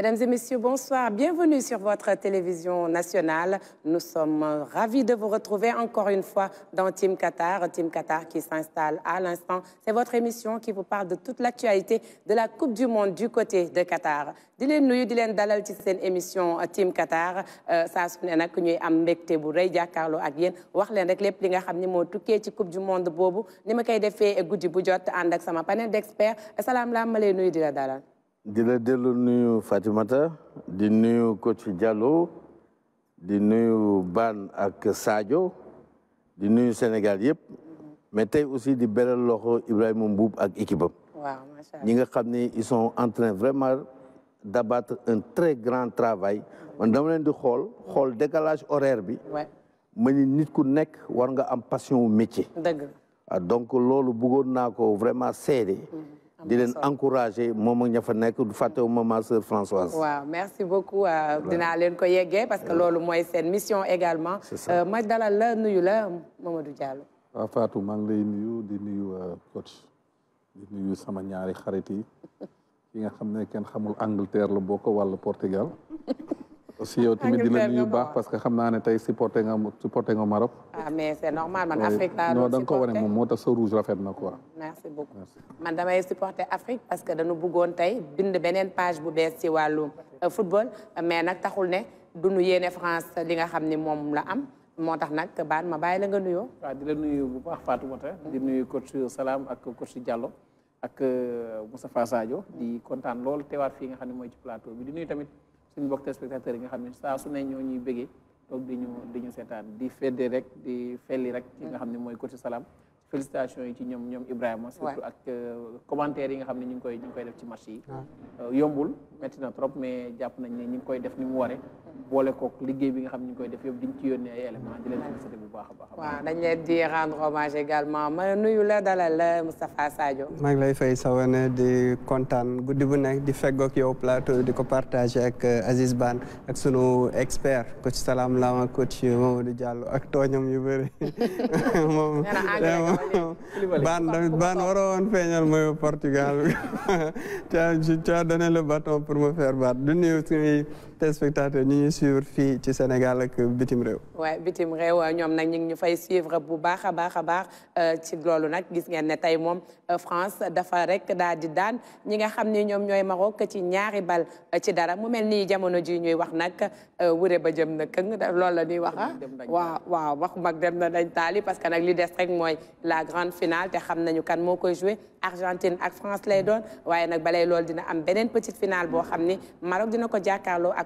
Mesdames et messieurs, bonsoir. Bienvenue sur votre télévision nationale. Nous sommes ravis de vous retrouver encore une fois dans Team Qatar. Team Qatar qui s'installe à l'instant. C'est votre émission qui vous parle de toute l'actualité de la Coupe du Monde du côté de Qatar. di leen nuyu di dalal ci émission Team Qatar euh, saa su ne nag ñuy am mbégte bu rëy jàkkaarloo ak yéen wax leen rek li nga coupe du monde bobo ni ma koy defee bu jot sama panel d'experts Salam, laa Malé, nuyu dalal di la dellu nuyu Fatimata di nuyu coach Diallo di nuyu Ban ak Sadio di nuyu Sénégal yep. mais aussi di beral loxo Ibrahim Mboub ak équipe am. waaw macha ils sont en train vraiment d'abattre un très grand travail man dama leen di hall, xool décalage horaire bi. ma ni nit ku nekk war nga am passion métier. dëgg ah, donc loolu bëggoon naa ko vraiment seede. Mm-hmm dilen encourager encouragé moom ak ña fa du fàttewu maman sœur Françoise waaw merci beaucoup euh, dina len ko yeggee parce que euh. lolu moy sen mission également euh, ma dalal la nuyu la Mamadou Diallo wa Fatou maa ngi lay nuyu di nuyu coach di nuyu sama ñaari xarit yi ki nga xamné ken xamul Angleterre la boko walla Portugal aussi yow tamit di la nuyu baax parce que xam naa ne tey supporté nga supporté nga Maroc. ah man moo tax sa rouge rafet na quoi. damay supporté Afrique parce que dañu buggoon tey bind beneen page bu bees ci wàllu euh, football mais nag taxul ne duñu yéene France li nga xam ni moom la am. moo tax nag baan ma bàyyi la nga nuyoo. waaw di la nuyu bu baax Fatoumata di nuyu coach Salam ak si Diallo ak euh, Moustapha Sadio di kontaan lool teewaat fi nga xam ne mooy ci plateau bi di nuyu tamit. suñu mbokk téléspectateurs yi nga xam ne saa su ne ñoo ñuy bëggee toog di ñu di ñu seetaan di fedde rek di felli rek ci nga xam ne mooy côté salaam félicitations yi ci ñoom ñoom Ibrahima surtout ak euh, commentaires yi nga xam ne ñu ngi koy ñu ngi def ci match yi euh, yombul métti na trop mais jàpp nañ ne ñu ngi koy def ni mu waree boole kook liggéey bi nga xam ni ñu koy def yëpp diñ ci yónnee ay éléments di leen félicité bu baax a baax. waaw dañ leen di rendre hommage également ma nuyu la dalal la Moustapha Sadio. maa ngi lay fay Sawane di kontaan guddi bu nekk di feggoog yow plateau di ko partagé ak euh, Aziz Ban ak sunu expert coach Salam Lama coach Mamadou Diallo ak tooñam yu bëri. moom Ban Ban waroon feeñal mooy Portugal tu as donné le bâton pour me faire battre du nuyu téléspectateurs ñu ñuy suivre fii ci Sénégal ak bitim réew. bitim réew ñoom nag ñu ngi ñu fay suivre bu baax a baax a baax euh, ci loolu nag gis ngeen ne tey moom euh, France dafa rek daal di daan ñi nga xam ni ñoom ñooy Maroc ci ñaari bal euh, ci dara mu mel ni jamono ji ñuy wax nag wure ba jëm na lool loolu la ñuy wax ah. waaw waaw wax mag dem na dañ taali parce que nag li des rek mooy la grande finale te xam nañu kan moo koy joué Argentine ak France lay doon waaye nag balay loolu dina am beneen petite finale boo xam ni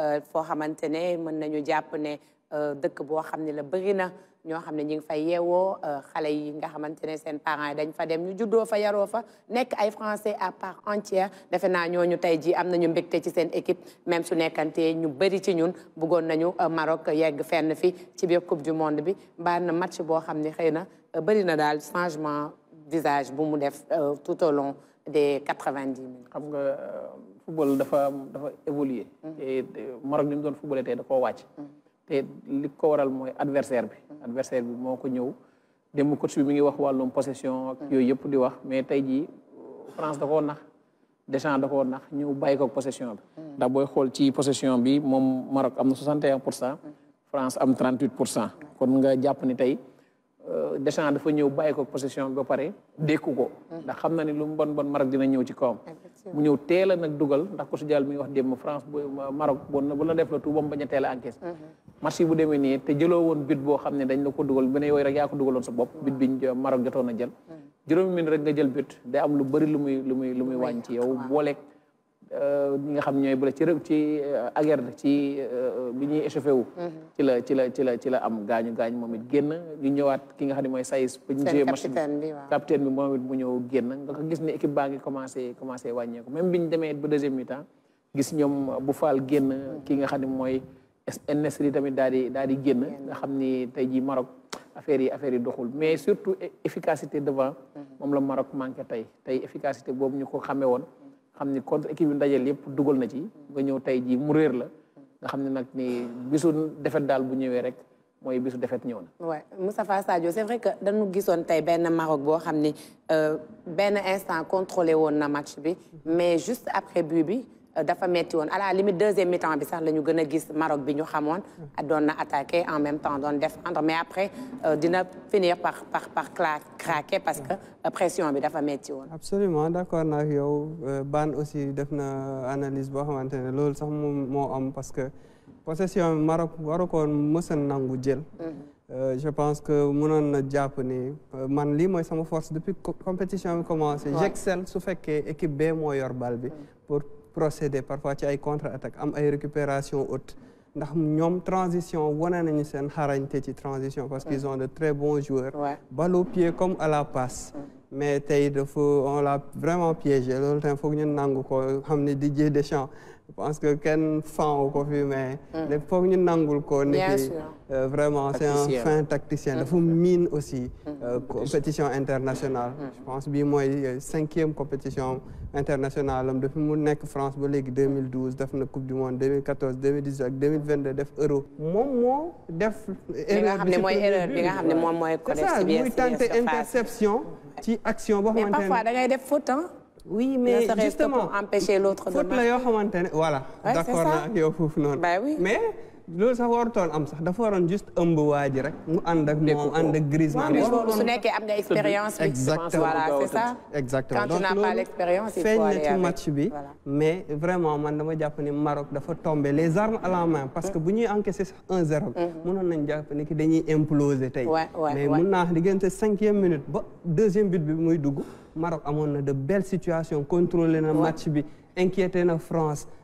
Euh, foo xamante ne mën nañu jàpp ne euh, dëkk boo xam ne la bëri na ñoo xam ne ñu ngi fay yeewoo euh, xale yi nga xamante ne seen parents yi dañ fa dem ñu juddoo fa yaroo fa nekk ay français à part entière defe naa ñoo ñu tey jii am nañu mbégte ci seen équipe même su nekkante ñu bëri ci ñun bëggoon nañu Maroc yegg fenn fi ci biir coupe du monde bi mbaa na match boo xam ne xëy na bëri na daal changement visage bu mu def tout au long des quatre-vingt-dix minutes football dafa dafa évoluer mm. te Maroc ni mu doon footballé tey da koo wàcc mm. te li ko waral mooy adversaire bi mm. adversaire bi moo ko ñëw démb coach bi mi ngi wax wàllum possession ak yooyu yëpp di wax mais tey jii France da koo nax Deschamps da koo nax ñëw bàyyi ko possession bi ndax booy xool ci possession bi moom Maroc am na 61 pour cent France am 38 pour cent kon nga jàpp ni tey Deschamps dafa ñëw bàyyi ko possession ba pare dékku ko ndax xam na ni lu mu bon bon dina ñëw ci kawam mu ñëw teel a nag dugal ndax ko su jàll mi ngi wax démb France bu Maroc bon def la tout ba mu a teel a encaisse mm-hmm. match bu demee nii te jëloo woon but boo xam ne dañ la ko dugal bu yaa ko dugaloon sa bopp mm-hmm. but biñ Maroc jotoon jël mm-hmm. juróomi min rek nga jël but day am lu bëri lu muy lu muy lu muy wàññi Euh, ñi nga xam ñooy bële ci ci euh, agerde ci euh, bi ñuy échauffé wu. Mm-hmm. ci la ci la ci la ci la am gaañu gaañ moom it génn ñu ñëwaat ki nga xam ne mooy Saïs. seen capitaine bi waaw capitaine bi moom it mu ñëw génn nga ko gis ne équipe baa ngi commencé commencé wàññeeku même ñu demee ba deuxième mi gis ñoom bu faal génn mm-hmm. ki nga xam ne mooy NSR tamit daal di daal di génn nga xam ni tey jii Maroc. affaire yi affaire yi doxul mais surtout e-, efficacité devant mm-hmm. moom la Maroc manqué tey tey efficacité boobu ñu ko xamee woon xam ni contre équipe yu ndajeel yëpp dugal na ci nga ñëw tey jii mu réer la nga xam ne nag ni bisu defet daal bu ñëwee rek mooy bisu defet ñëw na. waaw Moustapha Sadio c'est vrai que dañu gisoon tey benn Maroc boo xam ni euh, benn instant contrôlé woon na match bi mais juste après but bi. Euh, dafa metti à la limite deuxième mi-temps bi sax la ñu gis Maroc bi ñu xamoon na attaqué en même temps doon défendre mais après euh, dina finir par par par craquer parce que euh, pression bi dafa metti absolument d'accord naa yow Ban aussi def na analyse boo xamante ne sax am parce que possession Maroc waru koon mësa nangu jël mm-hmm. je pense que mënoon na jàpp ni man lii mooy sama force depuis compétition bi commencé j'excelle su fekkee équipe B moo yor bi mm. pour procéder parfois a des contre-attaque am récupération haute Nous, une transition une transition. Nous ci transition parce qu'ils ont de très bons joueurs balle au pied comme à la passe mm. mais on l'a vraiment piégé Il faut que nous Nous ko Didier Deschamps je pense que Ken Fan au fi mais. Mm. léegi foog ñu nangul ko. qu'on euh, vraiment c'est un fin tacticien. faut mm. mine aussi. Mm. Euh, compétition internationale. je pense bii 5 euh, cinquième compétition internationale depuis mon nekk France ba léegi 2012 def na coupe du monde 2014 2018 2022 def euro. Moi moi def. erreur bi nga xam ne mooy erreur bi a xam c'est ça tenter interception. ci action boo mais parfois da ngay def faute hein oui mais justement empêcher l'autre de faute la yoo voilà d'accord naa ak yow foofu bah mais loolu sax warutoon am sax dafa waroon juste ëmb waa ji rek mu ànd ak moom ànd ak grisement su nekkee am nga expérience exactement voilà c'est ça exactement quand tu n'as pas l'expérience feeñ na ci match bi mais vraiment man dama jàpp ni Maroc dafa tombé les armes à la main parce que bu ñuy encaissé sax un zéro mm-hmm. mënoon nañ jàpp ni ki dañuy imploser tey mais mun naa diggante cinquième minute ba deuxième but bi muy dugg Maroc amoon na de belles situations contrôlé na match bi inquiété na France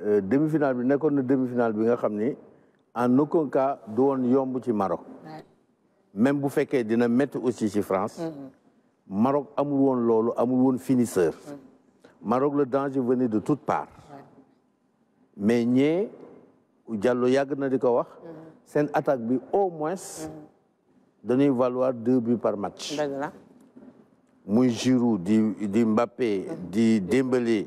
Euh, demi-finale bi nekkoon na demi-finale bi nga xamni en aucun cas du woon yomb ci Maroc même bu fekkee dina mettre aussi ci France mm-hmm. Maroc amul won lolu amul won finisseur mm-hmm. Maroc le danger venait de toutes parts mais ñee Diallo yag na di ko wax mm-hmm. sen attaque bi au moins dañuy valoir deux buts par match muy Giroud di di Mbappé di Dembélé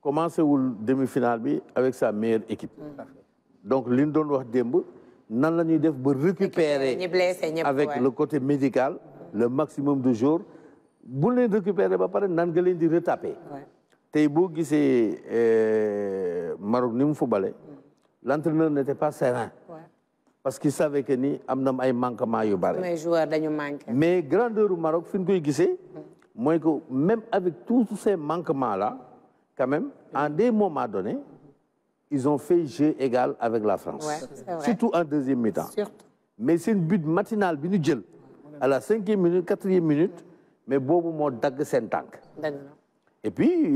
commencé la demi-finale avec sa meilleure équipe. Mm. donc li de wax récupérer avec le côté médical le maximum de jours bu récupérer nous pas, nan retaper. Si boo gisee euh, Maroc Nim Foubalé, mm. l'entraîneur n'était pas serein. parce qu'il savait que y avons des manquements mais joueurs dañu mais grandeur Maroc mm. même avec tous ces manquements là quand même, à des moments donnés, ils ont fait jeu égal avec la France. Surtout en deuxième mi-temps. Mais c'est une but matinale, à la cinquième minute, quatrième minute, mais bon moment dag sen tank. Et puis,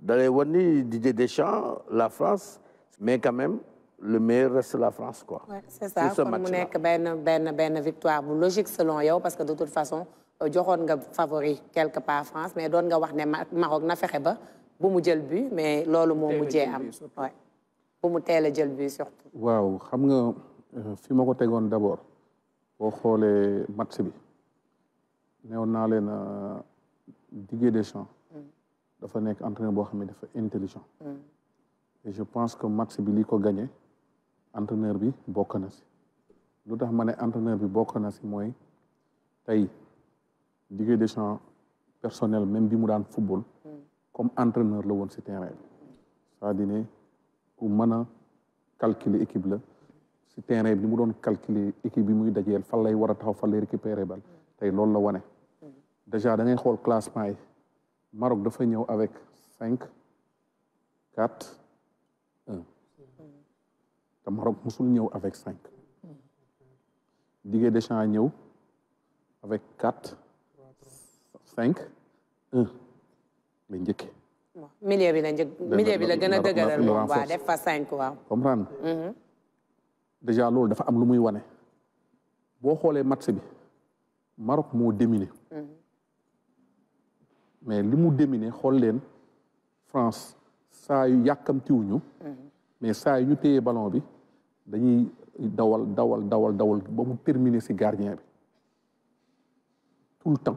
dans les Wani, Didier Deschamps, la France, mais quand même, le meilleur reste la France. quoi. c'est ça, c'est une belle, Ben, victoire logique selon eux, parce que de toute façon, joxoon nga favori quelque part France mais doon nga wax ne Maroc na fexe ba bu mu jël but mais loolu moo mujjee am waay bu mu teel a jël but surtout waaw xam nga euh, fi ma ko tegoon d'abord boo xoolee match bi neewoon naa leen euh, Didier Deschamps mm. dafa nekk entraîneur boo xam ne dafa intelligent mm. et je pense que match bi li ko gagné entraîneur bi bokk na si lu tax ma ne entraîneur bi bokk na si mooy tey des Deschamps personnel, même si je football, hmm. comme entraîneur, le c'est hmm. hmm. un rêve. Ça a donné pour moi calculer l'équipe. C'est un rêve. Je calculer l'équipe. Il fallait récupérer le ball. C'est ce Déjà, dans le classement, le Maroc a fait avec 5, 4, 1. Le Maroc a fait avec 5. Didier gens a fait avec 4, cinq un la njëkke milieu bi la njëkk milieu bi la gën a dëgëral moom waa def fa cinq waaw comprendre mhm. déjà loolu dafa am lu muy wane boo xoolee match bi Maroc moo déminé mhm. mais li mu déminé xool leen France saa yu yàkkamtiwuñu mhm. mais saa yu ñu téyee ballon bi dañuy dawal dawal dawal dawal ba mu terminé si gardien bi tout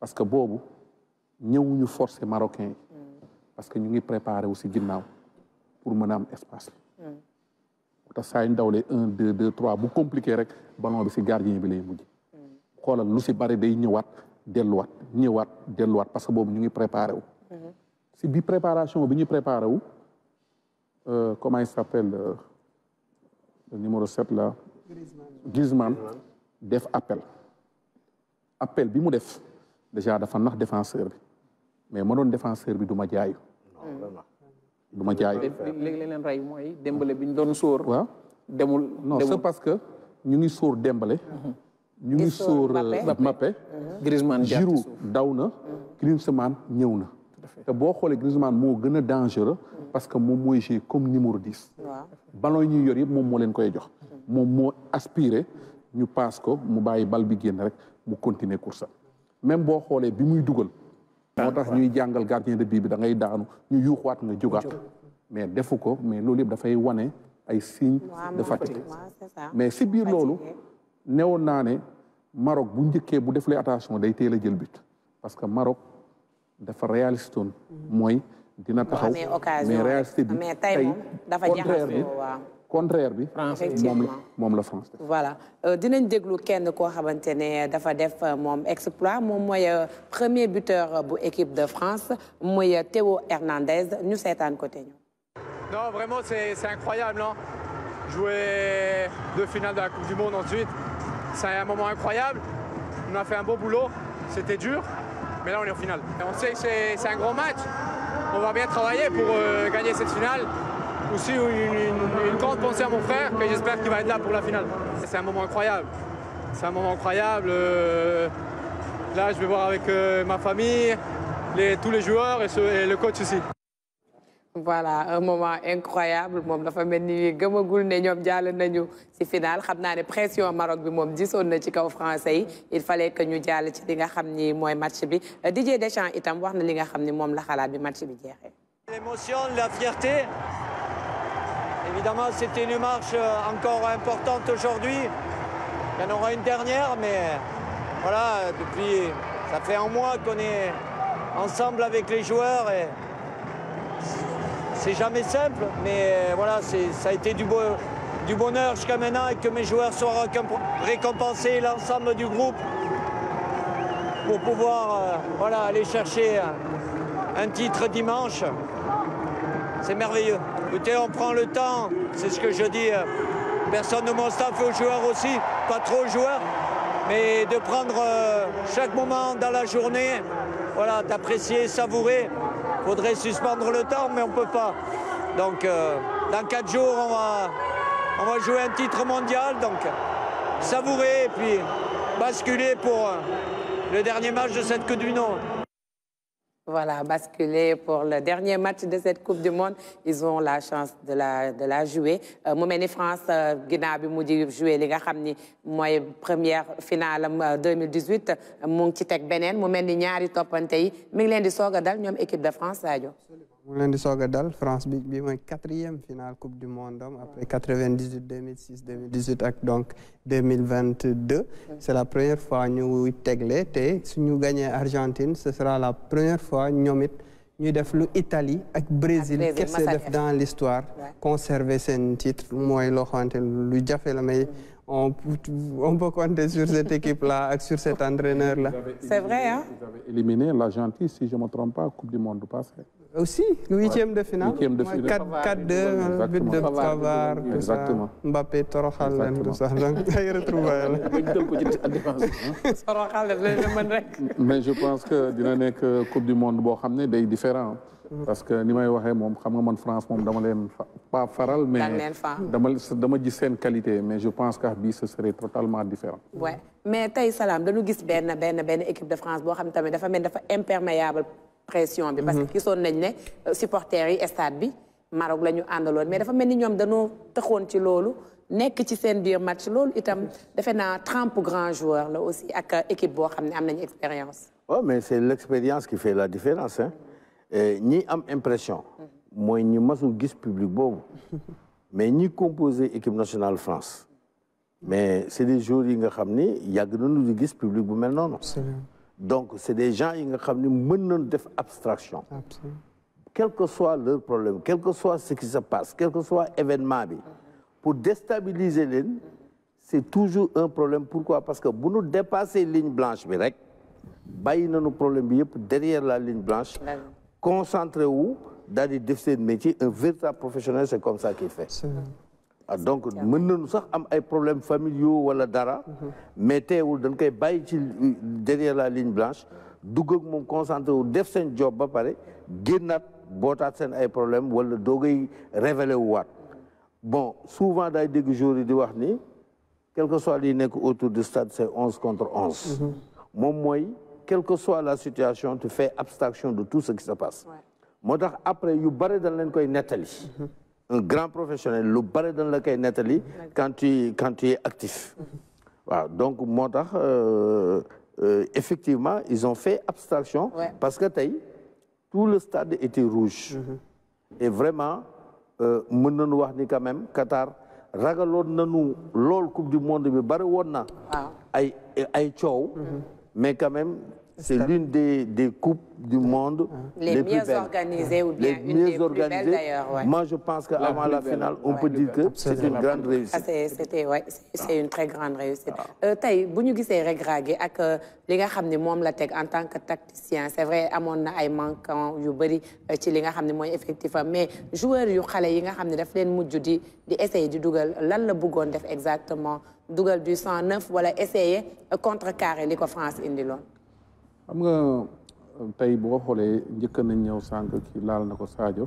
parce que boobu ñëwuñu forcé marocain parce que ñu ngi préparé si ginnaaw pour mën a am espace bi bu tax saa yu ñu bu compliqué rek ballon bi si gardien bi lay mujj xoolal lu si bari day ñëwaat delluwaat ñëwaat delluwaat parce que boobu ñu ngi préparé wu si bi préparation bi ñu préparé wu euh, comment il s'appelle euh, le numéro sept là Griezmann def appel appel bi mu def déjà dafa nax défenseur bi mais ma doon défenseur bi du ma jaayu. du ma jaayu. léegi leen ray mooy dembale biñ ñu doon sóor. waaw demul non c'est parce que ñu ngi sóor dembale. ñu ngi sóor Mbappé. Euh, mhm. Griezmann Giroud daw na. Mhm. Griezmann ñëw na. te boo xoolee Griezmann moo gën a dangereux. parce que moom mooy jouer comme numéro 10. waaw ballon ñuy yor yëpp moom moo leen koy jox. Mhm. moom moo aspirer ñu passe ko mu bàyyi bal bi génn rek mu continuer course même boo xoolee bi muy dugal ah, moo tax ñuy jàngal gardien de but bi da ngay daanu ñu waat nga jógaat mais defu ko mais loolu yëpp dafay wane ay signe de fatigue mais si biir loolu newoon naa ne Maroc bu njëkkee bu def lay attention day teel a jël but parce que Maroc dafa réaliste woon mm-hmm. mooy dina taxaw mais réalité bi tey contraire bi contraire bi. Moi, la suis la France voilà euh, dinañ déglu kenn ko dafa def euh, exploit euh, premier buteur bu équipe de France moy Théo Hernandez ñu un côté non vraiment c'est c'est incroyable non hein. jouer deux finales de la Coupe du Monde ensuite c'est un moment incroyable on a fait un beau boulot c'était dur mais là on est en finale. on sait que c'est un gros match on va bien travailler pour gagner cette finale aussi une, une grande pensée à mon frère que j'espère qu'il va être là pour la finale. C'est un moment incroyable. C'est un moment incroyable. Euh, là, je vais voir avec euh, ma famille, les, tous les joueurs et, le coach aussi. voilà un moment incroyable Mom, dafa mel ni gëmagul ne ñoom la nañu ci pression Maroc bi moom ci kaw français il fallait que ñu jàll ci li nga xam ni match bi Didier Deschamps itam wax na li nga xam match l'émotion la fierté Évidemment, c'était une marche euh, encore importante aujourd'hui. Il y en aura une dernière, mais voilà, depuis, ça fait un mois qu'on est ensemble avec les joueurs. Et c'est jamais simple, mais voilà, ça a été du, du bonheur jusqu'à maintenant et que mes joueurs soient récompensés, l'ensemble du groupe, pour pouvoir euh, voilà, aller chercher un titre dimanche. C'est merveilleux. Écoutez, on prend le temps. C'est ce que je dis. Euh, personne de mon staff et aux joueurs aussi, pas trop aux joueurs, mais de prendre euh, chaque moment dans la journée, voilà, d'apprécier, savourer. Faudrait suspendre le temps, mais on ne peut pas. Donc, euh, dans quatre jours, on va, on va jouer un titre mondial. Donc, savourer et puis basculer pour le dernier match de cette Coupe du voilà, basculer pour le dernier match de cette Coupe du Monde. Ils ont la chance de la, de la jouer. Euh, Moumeni France euh, ginnaaw bi jouer li nga première finale 2018 euh, mu ngi ci teg beneen mu mel ni ñaari toppante yi mi équipe de France Sadio mu leen di France bi bi mooy quatrième finale coupe du monde après 98, 2006, 2018, et donc 2022. C'est la première fois que la première fois ñu Si nous gagnons l'Argentine, ce sera la première fois que nous avons def lu Italie ak Brésil kese def dans l'histoire conserver ce titre mooy loo xamante lu fait la may on on peut compter sur cette équipe là et sur cet entraîneur là. C'est vrai hein. vous avez éliminé l'Argentine si je ne me trompe pas coupe du monde passée. Aussi, le huitième de finale. Huitième de finale. 4-2, but de Pavard, tout ça. Mbappé, Torokhalen, tout ça. Donc, ça y retrouve. Hein. Mais je pense que dina nekk euh, Coupe du Monde boo xam ne day différent. Mm. parce que ni may waxee moom xam nga man France moom dama leen pas faral mais dama dama gis seen qualité mais je pense que bii ce serait totalement différent ouais mais tey Salam dañu gis benn benn benn équipe de France boo xam ne dafa mel dafa imperméable pression bi. parce que mhm. gisoon nañ ne euh, supporters yi stade bi Maroc lañu ñu mais dafa melni ñom dañu taxone ci lolu nek ci sen biir match lolu itam defe na 30 grands joueurs, là aussi ak euh, équipe bo xamné am nañu expérience. Oh, mais c'est l'expérience qui fait la différence hein ñi am impression. moy mhm. ñu masul gis public bobu mais ñi composé équipe nationale France. mais c'est des jours yi nga xamné ni nañu du gis public bu mel noonu donc c'est des gens qui ont une quel que soit leur problème quel que soit ce qui se passe quel que soit événement pour déstabiliser l'île, c'est toujours un problème pourquoi parce que pour nous dépasser ligne blanche bi rek a problème derrière la ligne blanche ben concentrez vous dans les défis de métier un véritable professionnel c'est comme ça qu'il fait ah, donc mën nañu sax am ay problèmes familiaux wala dara. Mhm. mais teewul dañ koy bàyyi derrière la ligne blanche dugg ak mom concentré wu def sen job ba paré gennat botat sen ay problèmes wala dogay révélé wat bon souvent day dég jour yi di wax ni quel que soit li nek autour du stade c'est 11 contre 11. Mon moyen, quelle que soit la situation tu fais abstraction de tout ce qui se passe. motax après yu bare dañ leen koy netali mhm un grand professionnel le barre dans lequel Nathalie quand tu quand tu es actif donc euh, euh, effectivement ils ont fait abstraction parce que tout le stade était rouge mm-hmm. et vraiment ne nous pas ni quand même Qatar Ragalon nañu coupe du monde mais bari mm-hmm. mais quand même c'est l'une des, des, coupes du monde les, les mieux plus organisées ou bien les une mieux des organisées. Plus belles, ouais. Moi, je pense qu'avant la, la finale, on ouais, peut dire que c'est une grande réussite. Ah, C'était ouais, c'est une très grande réussite. Ah. Euh, tey bu ñu gisee Reug Ragué ak euh, li nga xam ne la teg en tant que tacticien c'est vrai amoon na ay manquant yu bëri euh, ci li nga xam ne mooy effectif mais joueur yu xale yi nga xam ne daf leen mujj di di essayer di dugal lan la bëggoon def exactement dugal du 109 wala essayer contrecarrer li ko France indi xam nga tey boo xoolee njëkk nañ ñëw sànq ki laal na ko Sadio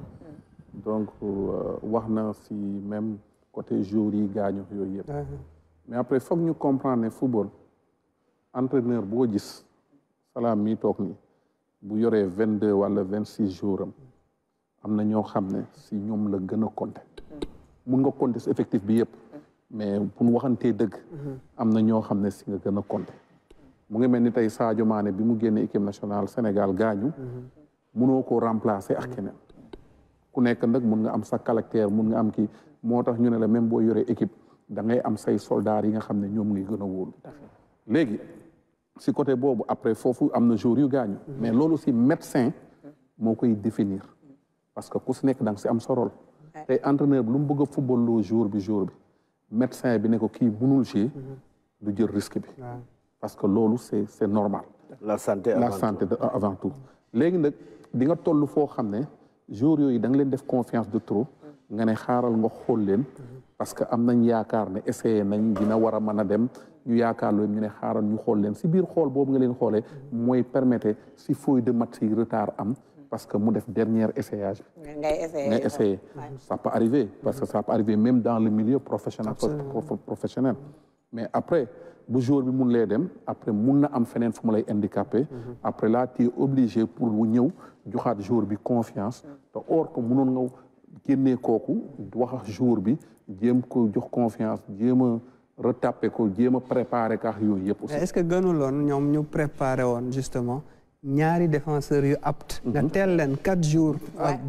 donc euh, wax na si même côté joueurs yi gaañu yooyu yëpp mais après foog ñu comprendre ne football entraîneur boo gis salaam mii toog ni bu yoree vingt deux wala vingt six jours am am na ñoo xam ne si ñoom la gën a compter mun nga compter si effectif bi yëpp mais pour waxantee dëgg am na ñoo xam ne si nga gën a compter mu ngi mel ni tey Sadio Mané bi mu génnee équipe nationale Sénégal gaañu munoo ko remplacer ak keneen ku nekk nag mun nga am sa caractère mun nga am kii moo tax ñu ne la même boo yoree équipe dangay am say soldats yi nga xam ne ñoom ngi gën a wóolu léegi si côté boobu après foofu am na jour yu gaañu mais loolu si médecin moo koy définir parce que ku si nekk da nga si am sa rôle tey entraîneur bi lu mu bëgg a loo jour bi jour bi médecin bi ne ko kii munul ci mhm. du jël risque bi parce que lolu c'est c'est normal. la santé avant tout la santé avant tout. légui nak di nga tollu fo xamné jour yooyu da nga leen def confiance de trop. nga ne xaaral nga xol leen. parce que am nañ yaakaar essayer essayé nañ dina wara mëna dem ñu yaakar lu ñu ne xaaral ñu xol leen si biir xol bobu nga leen xolé moy permettre si feuille de match yi retard am parce que mu def dernier essayage bi. ngay essayé ça peut arriver parce que ça peut arriver même dans le milieu professionnel. professionnel mais après. bu jour bi mun lay dem après mun na am feneen fu mu lay handicapé mhm. après là tu es obligé pour mu ñëw joxaat jour bi confiance mhm. te or que munoon nga génnee kooku wax ak jour bi jéem ko jox confiance jéem a retapé ko jéem a préparé kaax yooyu yëpp es est que que gënuloon ñoom ñu préparé woon justement ñaari défenseurs yu apte nga mhm. tel len quatre jours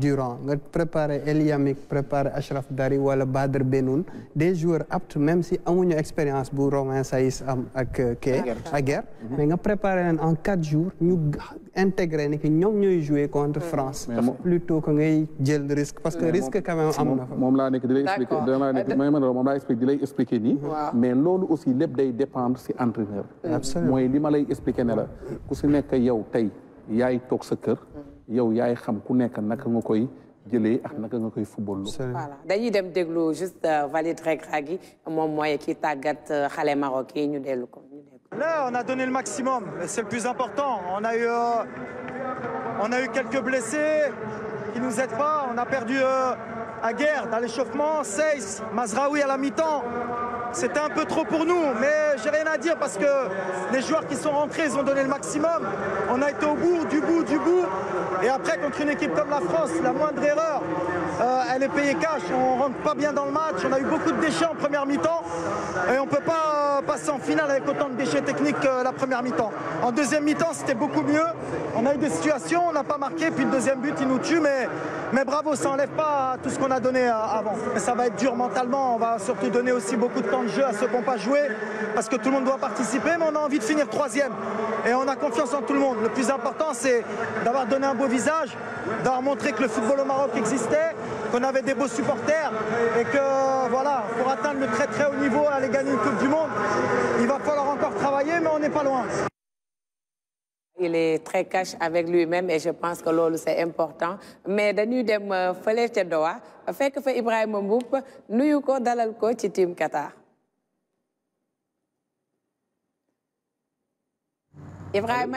durant nga préparer Eliamik préparé Ashraf Dari wala Badr Benoun des joueurs apt même si amuñu expérience bu Romain Saïs am ak à euh, Aguerd mhm. mais nga préparer len en quatre jours ñu intégrer ni que ñoom jouer contre France plutôt que ngay jël risque parce que risque quand même am na fa moom expliquer. nekk di nek may moom mom la expliquer dilay expliquer. ni mais lolu aussi lepp day dépendre si entraîneur moy li ma lay expliquer ne la ku si nek yow tey yaay tok sa kër. yow yaay xam ku nekk naka nga koy jëlee ak naka nga koy football. voilà dañuy dem déglu juste euh, Walid Regragui moom mooy ki tàggat euh, xale marocain ñu dellu ko. Là, on a donné le maximum, c'est le plus important. On a eu, euh, on a eu quelques blessés qui nous aident pas. On a perdu euh, à guerre dans l'échauffement. Seis, Mazraoui à la mi-temps. C'était un peu trop pour nous, mais j'ai rien à dire parce que les joueurs qui sont rentrés, ils ont donné le maximum. On a été au bout, du bout, du bout. Et après, contre une équipe comme la France, la moindre erreur, euh, elle est payée cash. On rentre pas bien dans le match. On a eu beaucoup de déchets en première mi-temps. Et on peut pas passer en finale avec autant de déchets techniques que la première mi-temps. En deuxième mi-temps, c'était beaucoup mieux. On a eu des situations, on n'a pas marqué, puis le deuxième but, il nous tue, mais, mais bravo, ça n'enlève pas tout ce qu'on a donné avant. Mais ça va être dur mentalement, on va surtout donner aussi beaucoup de temps de jeu à ceux qui n'ont pas joué, parce que tout le monde doit participer, mais on a envie de finir troisième. Et on a confiance en tout le monde. Le plus important, c'est d'avoir donné un beau visage, d'avoir montré que le football au Maroc existait on avait des beaux supporters et que voilà, pour atteindre le très très haut niveau, et aller gagner une Coupe du Monde, il va falloir encore travailler, mais on n'est pas loin. il est très cash avec lui-même et je pense que l'OL c'est important mais dañuy dem euh, faire, ca Doha que fa Ibrahima Mboup nuyu dalal team Qatar. Ibrahim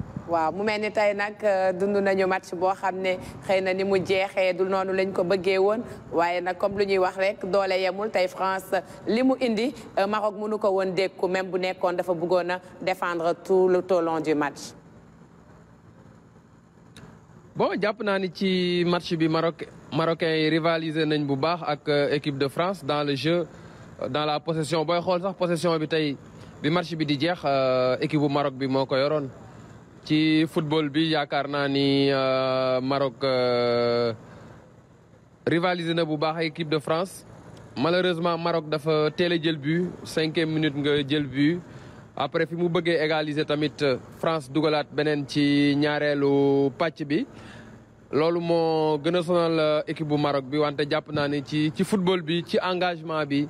waaw mu mel ni tey nag euh, dund nañu match boo xam ne xëy na ni mu jeexee du noonu lañ ko bëggee woon waaye nag comme lu wax rek doole yemul tey France li indi euh, Maroc mënu ko woon dékku même bu nekkoon dafa bëggoon défendre tout le temps du match. bon jàpp naa ni ci match bi Maroc marocain yi rivaliser nañ bu baax ak euh, équipe de France dans le jeu dans la possession booy xool sax possession bi tey bi match bi di jeex équipe bu Maroc bi moo ko ci football bi yaakaar naa ni euh, Maroc euh, rivaliser na bu baax équipe de France malheureusement Maroc dafa teel a jël but cinquième minute nga jël but après fi mu bëggee égaliser tamit France dugalaat beneen ci ñaareelu pàcc bi. loolu moo gën a sonal euh, équipe bu Maroc bi wante jàpp naa ni ci ci football bi ci engagement bi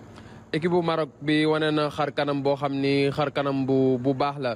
équipe bu Maroc bi wane na xar kanam boo xam ni xar kanam bu bu baax la.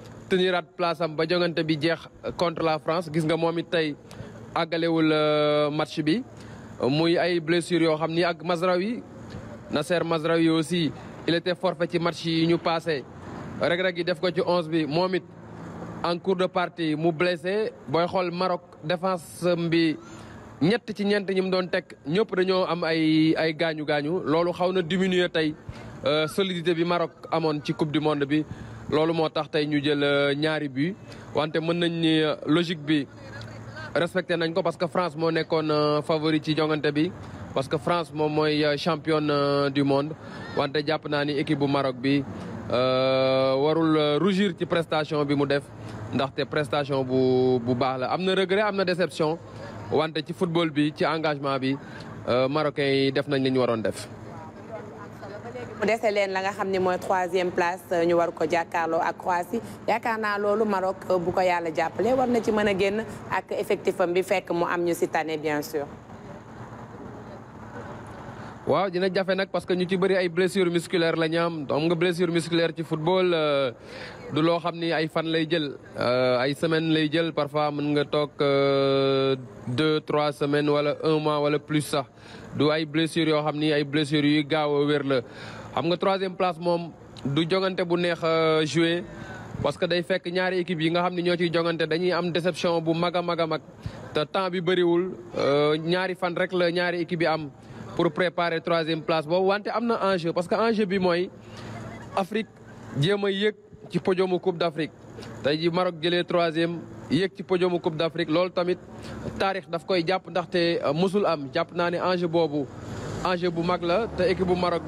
tenir teniraat place am ba jongante bi jeex contre la France gis nga moom tay agalé wul euh, match bi muy ay blessure yo xamni ak Mazraoui Nasser Mazraoui aussi il était forfait ci match yi ñu passé reg-reg yi def ko ci 11 bi momit en cours de partie mu blessé boy xol Maroc défense bi ñett ci ñent ñim mu doon teg ñëpp dañoo am ay ay gañu gañu lolu xawna diminuer tay euh, solidité bi Maroc amone ci coupe du monde bi loolu moo tax tey ñu jël euh, ñaari bi wante mën nañ ni euh, logique bi respecté nañ ko parce que France mo nekkoon euh, favori ci jongante bi parce que France mom moy champion du monde wante japp naa ni équipe bu Maroc bi warul rougir ci prestation bi mu def té prestation bu bu baax la am regret am déception wante ci football bi ci engagement bi marocain yi def nañ li ñu def. mu dese leen la nga xamni moy 3e place euh, ñu war ko jakarlo ak Croatie yakarna lolu Maroc euh, bu ko yalla jàppale war na ci mën a génn ak effectifam bi fekk mu am ñu ci tane bien sûr. waaw dina jafé nak parce que ñu ci bëri ay blessure musculaire la ñam dom nga blessure musculaire ci football euh, du lo xamni ay fan lay jël ay semaine lay jël parfois mën nga tok 2 3 semaines wala un mois wala plus ça du ay blessure yo xamni ay blessure yu gaaw wër la xam nga troisième place moom du bu neex euh, parce que day fekk ñaari équipe yi nga xam ne ñoo am déception bu a mag temps bi bëriwul euh, ñaari fan rek la ñaari équipe yi am pour préparer troisième place boobu wante am na enjeu parce que enjeu bi Afrique jéem a ci Coupe d'Afrique ji Maroc troisième yek ci Coupe d'Afrique loolu tamit daf koy euh, am enjeu boobu enjeu équipe Maroc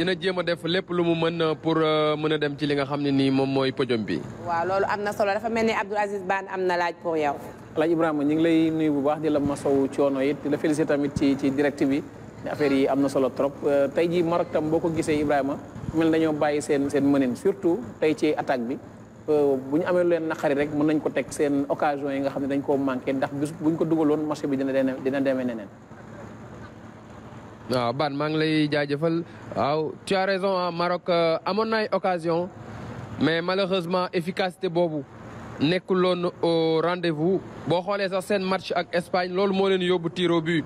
dina jéem a def lépp lu mu mën euh, pour euh, mën a dem ci li nga xam ne nii moom mooy podium bi. waaw loolu am na solo dafa mel ni Abdou Aziz Bane am na laaj pour yow. Alaaji Ibrahima ñu ngi lay nuyu bu baax di la masawu coono it di la féliciter tamit ci ci direct bi affaire yi am na solo trop euh, tey jii Maroc tam boo ko gisee Ibrahima mel nañoo bàyyi seen seen mënin surtout tey ci attaque bi. bu ñu amee lu leen naqari rek mën nañ ko teg seen occasion yi nga xam ne dañ koo manqué ndax bis ko dugaloon marché bi dina dina demee neneen Ah, Ban ah, tu as raison en ah, Maroc euh, a eu ay occasion mais malheureusement efficacité n'est pas au rendez-vous bon xoolee sax matchs avec ak Espagne loolu nous leen yóbbu au but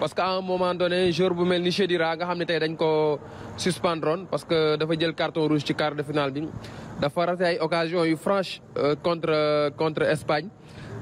parce qu'à un moment donné joueur jour, mel ni Chedira nga xam ne tey dañ ko parce que dafa carton rouge le quart de finale bi dafa raté ay occasion yu franche euh, contre euh, contre Espagne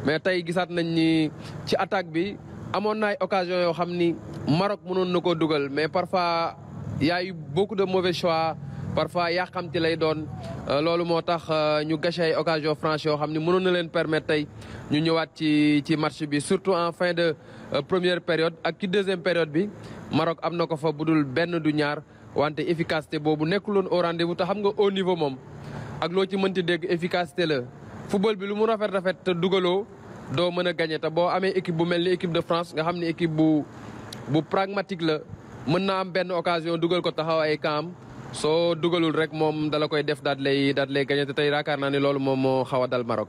mais tey gisaat nañ ni ci attaque bi amone na occasion yo xamni Maroc mënon nako koo mais parfois y a eu beaucoup de mauvais choix parfois ya xamti lay don euh, loolu motax euh, ñu gâché occasion franche yo xamni mënon mënoon na leen permettre tay ñu ñëwaat ci ci match bi surtout en fin de euh, première période ak ci deuxième période bi Maroc am na ko fa budul ben du ñaar wante efficacité bobu nekuloon au rendez-vous te xam nga au niveau mom ak loo ci mënti dégg efficacité la football bi lu mu rafet rafet te dugaloo. Do meuna gagner ta bo amé équipe bu melni équipe de France nga xamni équipe bu bu pragmatique la meuna am ben occasion dugal ko taxaw ay kam so dugalul rek mom dala def dat lay dat lay gagner te tay yaakaar naa ne loolu moom dal Maroc.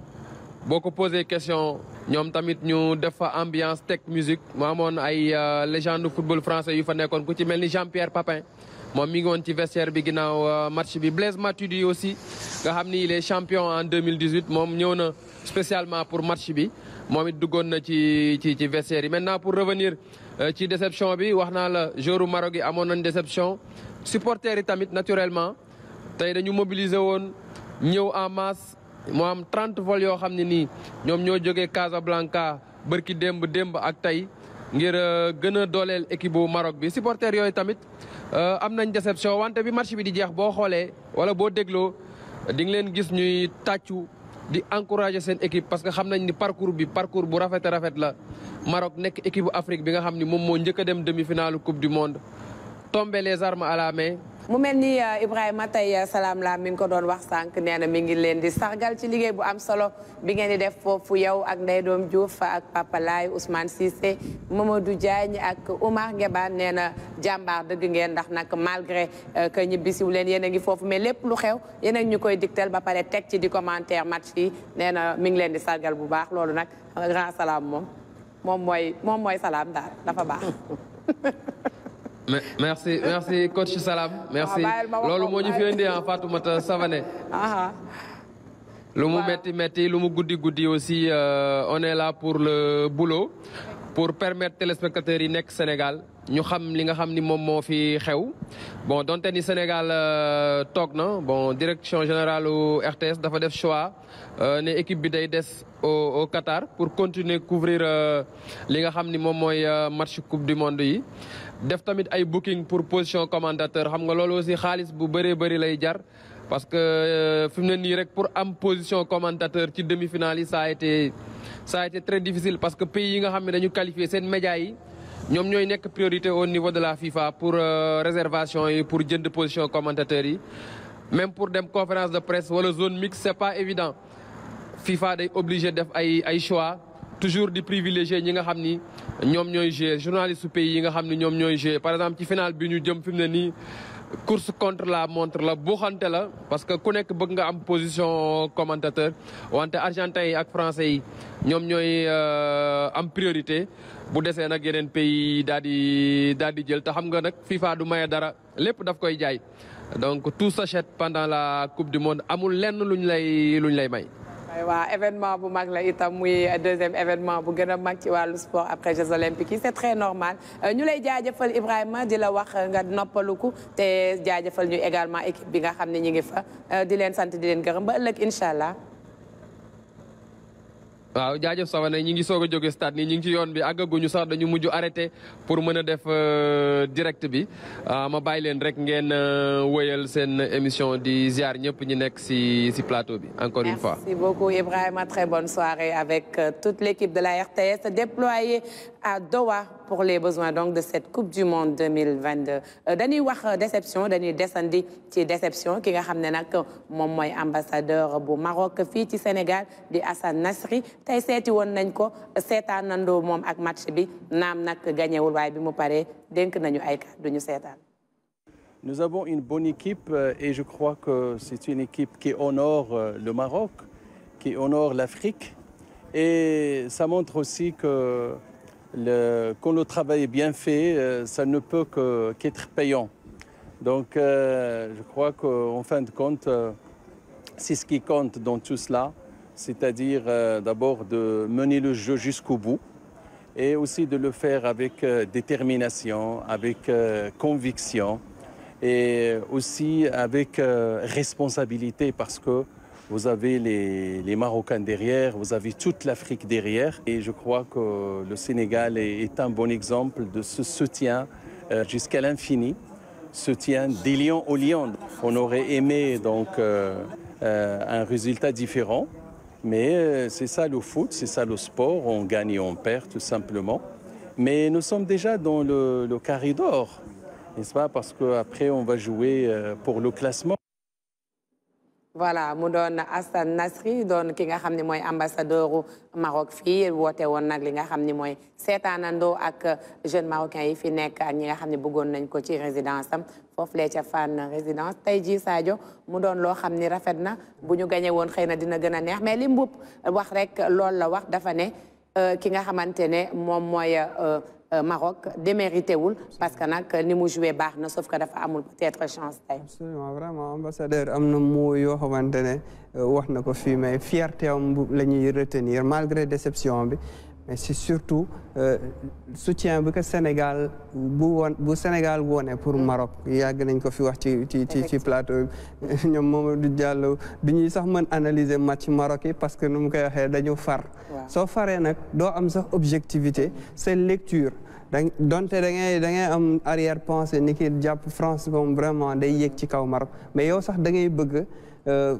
Beaucoup ko posé question Nous tamit ñu def fa ambiance tech musique mu amoon ay euh, légende football français yu fa nekkoon ku ci Jean Pierre Papin mon mi ngi ci vestiaire bi ginaaw euh, match bi Blaise Matuidi aussi nga xamni il est champion en 2018 Nous ñewna spécialement pour match bi momit fait le na ci ci vestiaire maintenant pour revenir euh, ci déception bi wax le la joueur Maroc yi amone une déception supporters yi tamit naturellement tay dañu mobiliser won ñew en masse moo am 30 vol yoo xam ne nii ñoom ñoo jógee Casablanca bërki démb démb ak tey ngir euh, gën a dooleel équipe bu Maroc bi supporters yooyu tamit euh, am nañ déception wante bi marché bi di jeex boo xoolee wala boo dégloo di leen gis ñuy tàccu di encourager seen équipe parce que xam nañ ni parcours bi parcours bu rafet rafet la Maroc nekk équipe bu Afrique bi nga xam ni moom moo njëkk a dem demi-finale coupe du monde tomber les armes à mu mel ni eh, Ibrahima tey eh, salaam laa mi ngi ko doon wax sànq nee na mi ngi leen di sargal ci liggéey bu am solo bi ngeen di def foofu yow ak Ndeye Doom Diouf ak Papa Laye Ousmane Cissé Mamadou Diagne ak Omar Ngebane nee na jàmbaar dëgg ngeen ndax nag malgré eh, que ñibbisiw leen yéen a ngi foofu mais lépp lu xew yéen a ñu koy digtal ba pare teg ci di commentaire match yi nee na mi ngi leen di sargal bu baax loolu nag grand salaam moom moom mooy moom mooy salaam daal dafa baax merci merci coach Salam merci ah, lolou moñu ñu en hein, ça Fatoumata Savané Le mu metti metti le goudi goudi aussi euh, on est là pour le boulot pour permettre téléspectateurs yi nek Sénégal ñu xam li nga xam ni moom moo fi xew bon donte ni Sénégal euh, toog bon direction générale RTS dafa def choix euh, ne équipe bi day des au Qatar pour continuer couvrir euh, li nga xam ni moom mooy match coupe du monde yi. def tamit ay booking pour position commentateur xam nga loolu aussi xaalis bu bëree bëri lay jar parce que fi mu rek pour am position commentateur ci demi-finale ça a été ça a été très difficile parce que pays yi nga xam ne dañu qualifié seen média yi. Nous avons une priorité au niveau de la FIFA pour euh, réservation et pour jënd position commentateurs même pour des conférences de presse ou la zone mixte n'est pas évident FIFA est obligé de ay choix toujours des privilégier nous avons des journalistes du pays par exemple le final bi ñu jëm course contre la montre la parce que nous avons une position commentateur entre argentin et et français nous avons une priorité bu desee nak yeneen pays daal di daal di jël te nga nag FIFA du maye dara lépp daf koy jaay donc tout s'achète pendant la coupe du monde amul lenn luñ lay luñ lay may. waaw événement bu mag la itam muy deuxième événement bu gën a mag ci wàllu sport après Jeux olympiques c'est très normal euh, ñu lay jaajëfal Ibrahima di la wax nga noppaluku te jaajëfal ñu également équipe bi nga xam ne ñu ngi fa euh, di leen sant di leen gërëm ba ëllëg incha waaw jaajëf Savané ñi ngi soog a jóge stade ni ñi ngi ci yoon bi àggaguñu sax dañu mujj arrêté pour mën a def euh, direct bi ah, ma bàyyi leen rek ngeen euh, wëyal seen émission di ziar ñëpp ñi nekk si si plateau bi encore une fois. Merci beaucoup Ibrahima très bonne soirée avec euh, toute l'équipe de la RTS déployée à Doha pour les besoins donc de cette coupe du monde 2022 euh, dani wax euh, déception dani desandi ci déception ki nga xam ne nag ambassadeur bu Maroc fi Sénégal de Hassan Nasri tey seeti de nañ ko seetaan nandoo ak match bi naam nag gañewul waaye bi mu paree dénk nañu ay Nous avons une bonne équipe euh, et je crois que c'est une équipe qui honore le Maroc, qui honore l'Afrique. Et ça montre aussi que quand le travail est bien fait, euh, ça ne peut qu'être payant. Donc euh, je crois qu'en fin de compte, euh, c'est ce qui compte dans tout cela, c'est-à-dire d'abord de mener le jeu jusqu'au bout et aussi de le faire avec détermination, avec conviction et aussi avec responsabilité parce que vous avez les, Marocains derrière, vous avez toute l'Afrique derrière. Et je crois que le Sénégal est, un bon exemple de ce soutien euh, jusqu'à l'infini, soutien des lions aux lions. On aurait aimé donc euh, euh, un résultat différent, mais c'est ça le foot, c'est ça le sport, on gagne et on perd tout simplement. Mais nous sommes déjà dans le, le corridor, n'est-ce pas Parce qu'après, on va jouer pour le classement voilà mu doon Nasri doon ki nga xamni ambassadeur Maroc won nak li nga xamni moy je ak jeune marocain yi fi nek, ak nga xamni ko ci résidence am résidence Sadio mu doon lo xamni rafetna bu ñu neex mais li wax rek la wax dafa euh, ki nga euh, Maroc démérité wul parce que a ni mu joué baax na sauf que dafa amul peut-être chance tey. absolument vraiment ambassadeur amna mo yo xamantene xamante ne euh, wax na ko mais fierté am lañuy retenir malgré déception bi. mais c'est surtout euh, soutien bu ko Sénégal bu woon bu Sénégal woone pour mm. Maroc yàgg nañ ko fi wax ci ci ci ci plateau bi ñoom Mamadou Diallo du ñuy sax man analyser match Maroc yi parce que nu mu koy waxee dañu far soo faree nag doo am sax objectivité mm. c'est lecture da donte da ngay da ngay am arrière pensée ni jàpp France moom vraiment day yéeg ci kaw Maroc mais yow sax da bëgg euh,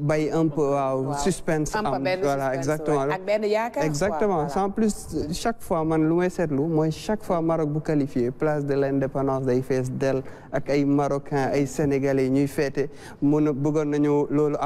bay un peu de suspense am voilà exactement ak exactement sans plus euh, chaque fois man loué cette Moi, chaque fois Maroc bu qualifié place de l'indépendance day fees del ak ay marocains ay sénégalais ñuy fêter mun bëggon nañu lolu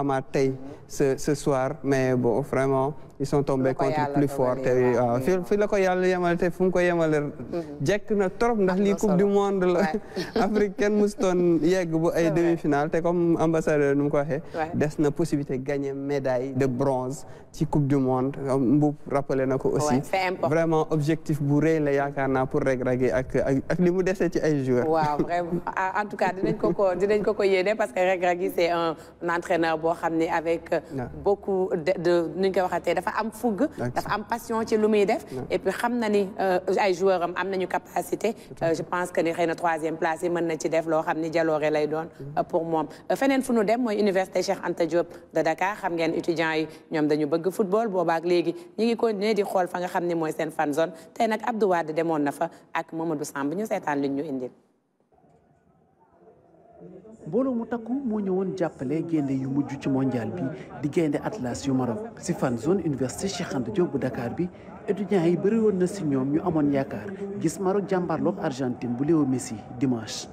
ce ce soir mais bon vraiment ils sont tombés contre plus fort te ah, fi fi la ko yàlla yemale te fum mu ko yemale mhm. jekk na trop ndax lii coupe du monde la Afrique kenn musutoon yegg bu ay demi-finale te comme ambassadeur nous mu ko waxee des na possibilité gagner médaille de bronze ci coupe du monde Mboup rappelé na ko aussi vraiment objectif bu rëy la yaakaar pour Reug Reug ak ak li mu dese ci ay joueurs waaw vraiment ah, en tout cas dinañ ko ko dinañ ko ko yéene parce que Reug c'est un entraîneur boo xam avec beaucoup de nuñ koy waxatee am fugg dafa am passion ci lu muy def et xam na ni euh, ay joueur am am nañu capacité euh, je pense que ni xëy na troisième place yi mën na ci def loo xam ni jaloore lay doon mm-hmm. euh, pour moom feneen fu nu dem mooy université Cheikh Anta Diop de Dakar xam ngeen étudiants yi ñoom dañu bëgg football boobaak léegi ñi ngi continuer di xool fa nga xam ni mooy seen fan zone tey nag Abdou Wade demoon na fa ak Mamadou Samb ñu seetaan liñ ñu indil mbooloo mu takku moo ñëwoon jàppale gaynde yu mujj ci mondial bi di gaynde atlas yu Maroc si fan zone université Cheikh Anta Diop bu Dakar bi étudiants yi bëri woon na si ñoom ñu amoon yaakaar gis Maroc jàmbarloog Argentine bu Léo Messi dimanche.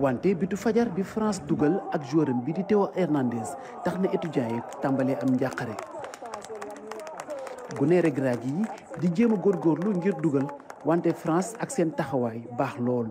wante bitu fajar bi France dugal ak joueuram bi di Théo Hernandez tax na étudiants yi tàmbalee am njàqare gune regrag yi di jéem a góorlu ngir dugal wante France ak seen taxawaay baax lool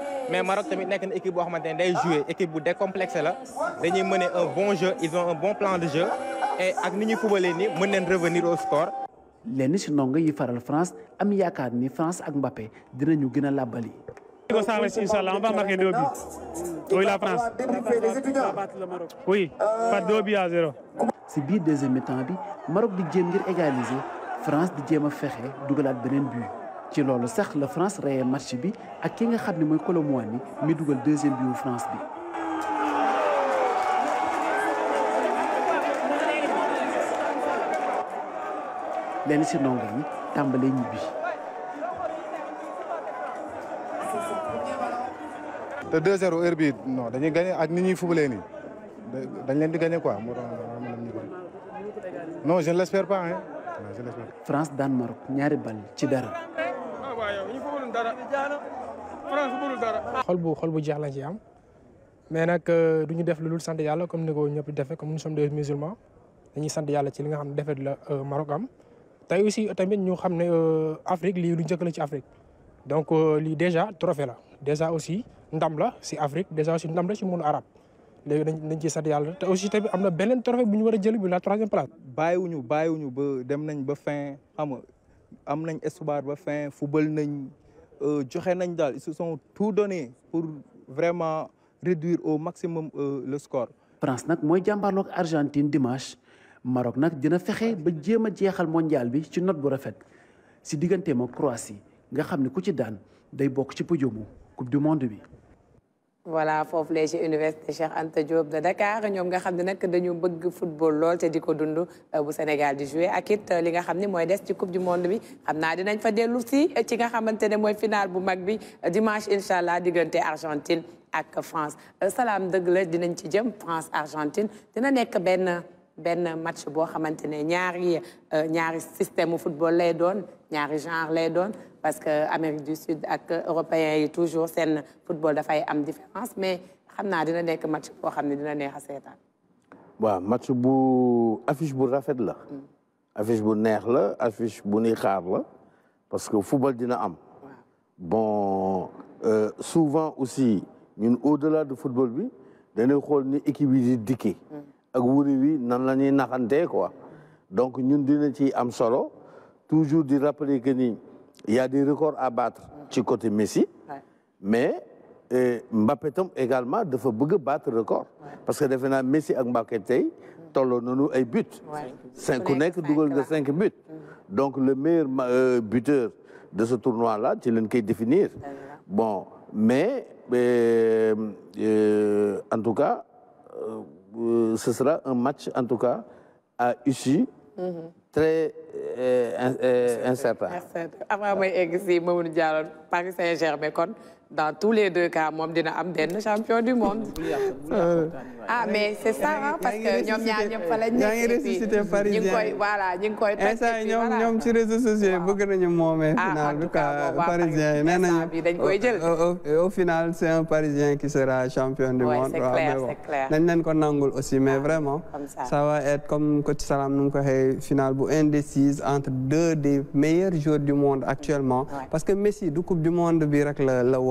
mais Maroc tamit nekk équipe boo xamante ne day jouer équipe bu décomplexé la dañuy mener un bon jeu ils ont un bon plan de jeu et ak ni ñuy fubalee ni mën revenir au score. lenn si ndongo yi faral France am yakar ni France ak Mbappé dinañu gën a làbbali. Inch'Allah, on va marquer deux buts. Oui, la France. Oui, pas deux buts à zéro. si biir deuxième mi-temps bi Maroc di jéem ngir égaliser France di jéem a fexe dugalaat beneen but. ci loolu sax la France rayé match bi ak ki nga xam ni mooy Kolo Muani muy dugal deuxième bi wu France bi. lenn ci ndongo yi tàmbalee ñibbi. te 2-0 heure bii dañuy gagné ak ni ñuy fubalee nii dañ leen di gagné ko moo tax non je ne l'espère France daan ñaari bal ci dara. mënul dara France mënul dara. xol bu xol bu jeex lañ ci am mais nag euh, du def lu dul sant yàlla comme ni ko ñëpp defee comme nous sommes des musulmans dañuy sant yàlla ci li nga xam ne defet la euh, Maroc am tey aussi tamit ñu xam ne euh, Afrique lii du njëkk la ci Afrique donc lii déjà trophée la déjà aussi ndam la si Afrique déjà aussi ndam la si monde arab léegi dañ dañ ciy sant yàlla te aussi tamit am na beneen trophée bu ñu war a jël bi la troisième place. bàyyiwuñu bàyyiwuñu ba dem nañ ba fin xam am nañ espoir ba fin football nañ. Euh, joxe nañ daal ils se sont tout donné pour vraiment réduire au maximum euh, le score. France nak moy jàmbaarloog Argentine dimanche Maroc nak dina fexé ba djema djéxal mondial bi ci note bu rafet ci digganteem ak Croatie nga xamné ku ci daan day bok ci podium coupe du monde bi voilà foofu lee ci université Cheikh Anta Diop de Dakar ñom nga xamni nak dañu bëgg football lool té diko ko dund euh, bu Sénégal di jouer ak it euh, li nga xamni moy dess ci coupe du monde bi xamna dinañ fa délu ci euh, ci nga xamantene moy finale bu mag bi dimanche inshallah allah Argentine ak France Salam deug la dinañ ci jëm France Argentine dina nek ben ben match bo xamantene ne ñaari ñaari système football lay doon ñaari genre lay doon parce que Amérique du Sud ak européens est toujours sen football fay am différence mais xamna dina nek match boo xamni dina neex setan seetaan. waaw match bu affiche bu rafet la. Mm. affiche bu neex la affiche bu ni xaar la parce que football dina am. bon euh, souvent aussi ñun au-delà du football bi dañuy xol ni équipe yi di dikkee. Mm. ak wuri wi nan la ñuy quoi mm. donc ñun dina ci am solo toujours di rappeler que ni. Il y a des records à battre du côté Messi, ouais. mais euh, Mbappé tombe également faire bouger battre record parce que defe Messi ak Mbappé tey tolloo nañu ay buts cinq ku nekk de nga cinq buts mm. donc le meilleur euh, buteur de ce tournoi là ci leen koy définir bon mais euh, euh, en tout cas ce sera un match en tout cas à issue mm-hmm. très incertain. Euh, euh, incertain euh, avant may egg si Mamadou Diallo Paris Saint-Germain kon dans tous les deux cas moom dina am champion du monde. Euh, ah mais c'est ça hein, parce que nous, avons ñëpp fa parisien voilà nous... avons koy. tout ñoom ci réseaux ah, final parisien au final c'est un parisien qui sera champion du monde. c'est clair c'est clair Nous, avons ko nangul aussi mais vraiment. ça va être comme coach Salam nous mu ko final indécise entre deux des meilleurs joueurs du monde actuellement. parce que Messi du coupe du monde bi rek le la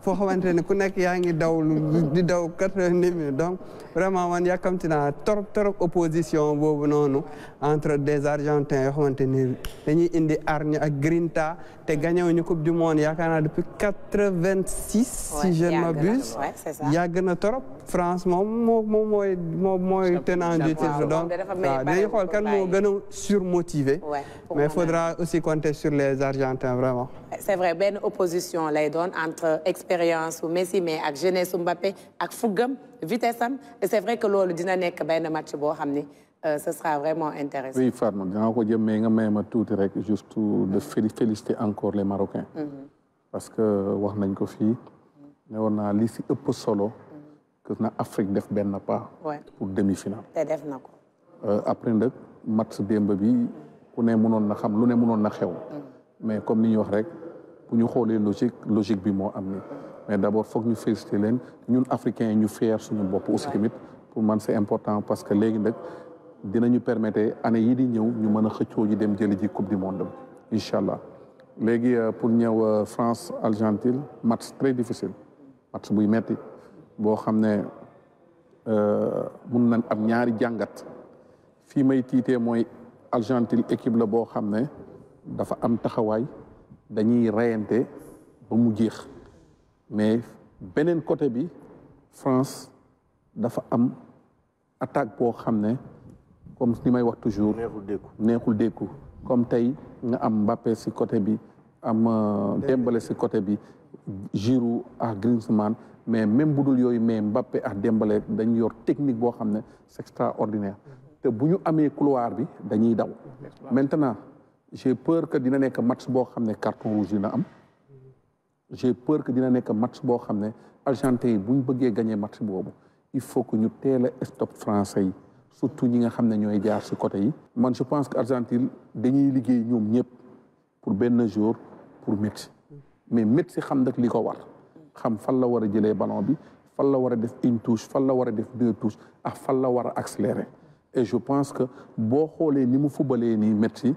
foo xamante ne ku nekk yaa daw di daw donc vraiment il y a torop opposition boobu noonu entre des argentins yoo xamante ni une indi hargne ak grinta te gagné une coupe du monde depuis 86 si je ne m'abuse Il y a France moom France, moi tenant du titre donc waaw dañuy nous kan moo gën Mais il faudra aussi compter sur les argentins vraiment c'est vrai benn opposition lay doon entre expérience Messi mais ak jeunesse Mbappé ak fougam vitesse Et c'est vrai que loolu dina nek ben match bo xam ne euh, ce sera vraiment intéressant oui Fatma dinaa ko jëm mais nga may ma rek juste de féliciter encore les Marocains mm-hmm. parce que wax nañ ko fi né woon li ci ëpp solo que na Afrique def ben pas pour demi-finale te def nako euh, après le match démb bi ku né monon na xam lu né mënoon na xew mm-hmm. mais comme ni wax rek bu ñu xoolee logique logique bi moo am ni mais d' abord foog ñu félicité leen ñun africains ñu fier suñu bopp aussi tamit pour man c' est important parce que léegi nag dinañu permettre année yi di ñëw ñu mën a xëccoo ji dem jëli ji coupe du monde incha allah léegi euh, pour ñëw euh, France Argentine match très difficile match buy metti boo xam ne euh, mun nañ am ñaari jàngat fii may tiitee mooy Argentine équipe la boo xam ne dafa am taxawaay dañuy reyante ba mu mais beneen côté France dafa am attaque comme ni wax toujours neexul dékku comme tey nga am Mbappé si côté bi am euh, Dembélé si côté Giroud ak mais même bu dul yooyu mais Mbappé Dembélé dañu yor technique boo xam c'est extraordinaire mm-hmm. te bu ñu amee couloir bi maintenant j'ai peur que dina nekk match boo xam ne carton rouge dina am j'ai peur que dina nekk match boo xam ne argentin yi bëggee gagné match boobu il faut que ñu teel a stop français yi surtout ñi nga xam ne ñooy jaar si côté yi. man je pense que Argentine dañuy liggéey ñoom ñëpp pour benn jour pour Messi mais Messi xam nag li ko war xam fan la war a jëlee ballon bi fan la war a def une touche fan la war a def deux touches ak fan la war a accélérer et je pense que boo xoolee ni mu fubalee nii Messi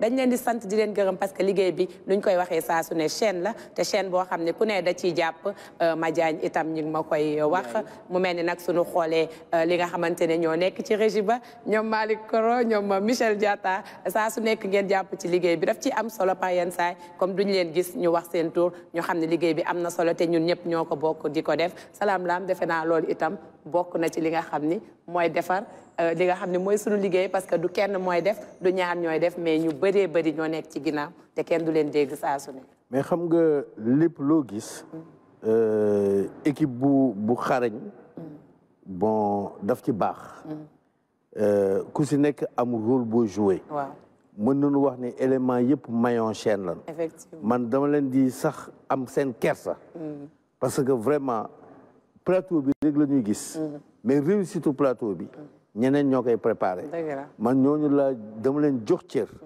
dañ leen di sant di leen gërëm parce que liggéey bi luñ koy waxee saa su ne chaîne la te chaîne boo xam ne ku nee da ciy jàpp euh, Madiagne itam ñu ma koy wax mu mel ni nag suñu xoolee euh, li nga xamante ne ñoo nekk ci régie ba ñoom Malick Koro ñoom euh, Michel Diatta saa su nekk ngeen jàpp ci liggéey bi daf ci am solo par yenn saay comme duñ leen gis ñu wax seen tour ñu xam ne liggéey bi am na solo te ñun ñëpp ñoo ko bokk di ko def salaam laam defe naa loolu itam bok na ci li nga xamni moy mooy defar euh, li nga xamni moy mooy suñu liggéey parce que du kenn moy def du ñaar ñooy def mais ñu bëree bëri ño nek ci ginnaaw té kenn du leen dégg sa suñu mais xam nga lépp loo gis. Mm. Euh, équipe bu bu xarañ. Mm. bon daf ci baax. Mm. Euh, ku si nek am rôle boo jouer wa mën nañu wax ni élément yépp maillon chaîne lan. effectivement man dama leen di sax am sen kersa. parce que vraiment plateau bi rek la ñuy gis. Mhm. mais réussite plateau bi. ñeneen ñokay préparer man ñooñu la dama leen jox cër. Mhm.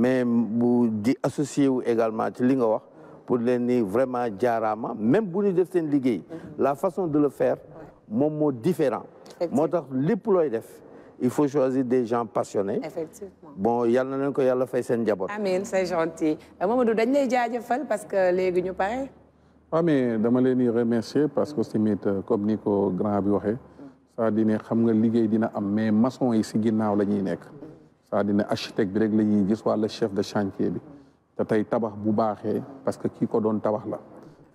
mais bu di associer wu également ci li nga wax pour leen ni vraiment diarama. même bu ñu def seen liguey mhm. la façon de le faire mom mo différent. motax lepp loy def. il faut choisir des gens passionnés. effectivement bon yal na leen ko yàlla fay seen njaboot. Amen, c'est gentil euh, Mamadou dañ lay jaajëfal parce que léegi ñu pare. waaw ah, dama leen di remercier parce que tamit euh, comme ni ko grand bi waxee cest dina xam nga liggéey dina am mais maçon yi si ginnaaw la ñuy nekk cest dina dire bi rek la ñuy gis walla chef de chantier bi te tey tabax bu baaxee parce que kii ko doon tabax la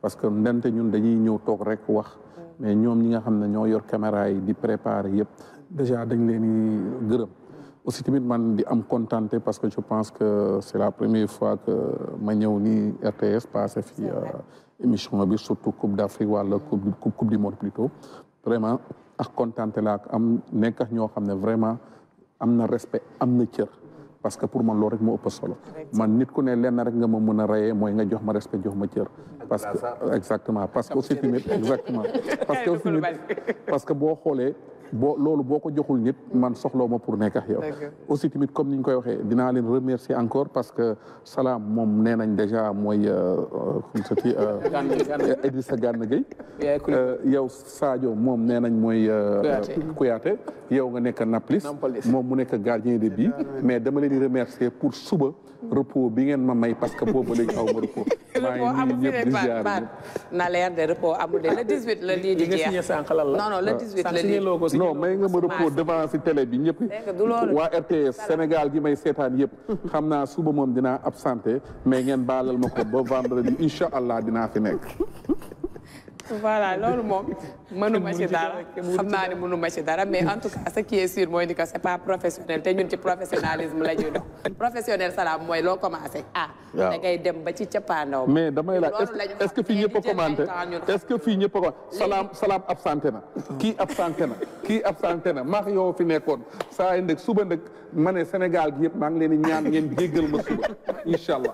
parce que ndante ñun dañuy ñëw toog rek wax mais ñoom ñi nga xam ne ñoo yor caméra yi di préparer yëpp déjà dañ leen gërëm aussi tamit man di am contenté parce que je pense que c'est la première fois que ma ñëw nii RTS passé euh, émission bi surtout coupe d'Afrique wala coupe du monde plutôt vraiment ak kontaante la am nekk ak ñoo xam ne vraiment am na respect am na cër parce que pour man loolu rek moo ëpp solo man nit ku ne lenn rek nga moom mën a rayee mooy nga jox ma respect jox ma cër parce que exactement parce que aussi tamit exactement parce que aussi tamit boo loolu boo ko joxul nit man soxloo ma pour nekk ak aussi tamit comme ni ñu koy waxee dinaa leen remercier encore parce que salaam moom nee nañ déjà mooy euh, euh, comme ça ti euh, Idrissa Gana Gueye yow Sadio moom nee nañ mooy Kouyaté yow nga nekk Nampalys moom mu nekk gardien de bi mais dama leen di remercier pour suba repos bi ngeen ma may parce que boobu léegi aw ma repos. repos la lii di jeex. li may nga ma repos devant si télé bi ñëpp. waa RTS Sénégal gi may seetaan yëpp. xam naa suba moom dinaa absenté mais ngeen baalal ma ko ba vendredi incha allah dinaa fi nekk. voilà loolu moom mënuma ci dara xam naa ne mënuma ci dara mais en tout cas ce qui est sûr mooy ni que c'est pas professionnel te ñun ci professionnalisme la ñuy dox professionnel salaam mooy loo commencé ah da ngay dem ba ci cappaandaw mais damay laaj est-ce que fii ñëpp a commenté est-ce que fii ñëpp a commenté salaam salaam absenté na kii absenté na kii absenté na maa yow fi nekkoon saa yi ndëg suba ndëg ma ne Sénégal gi yëpp maa ngi leen di ñaan ngeen jéggal ma suba incha allah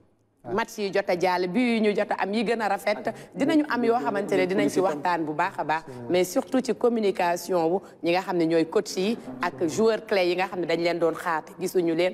Ah. match yi jot a jàll bi yi ñu jot am yi gën a rafet dinañu am yoo xamante ne dinañ ci waxtaan bu baax a baax mais surtout ci communication wu ñi nga xam ne ñooy coach yi ak joueur clé yi nga xam ne dañ leen doon xaar gisuñu leen